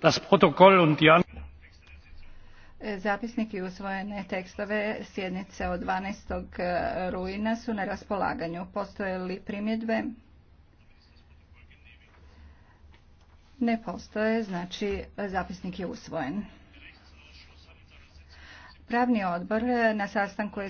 das protokoll und e, Zapisnik i usvojene tekstove sjednice od 12. E, rujna su na raspolaganju. Postoje li primjedbe? Ne postoje, znači zapisnik je usvojen. Pravni odbor e, na sastanku je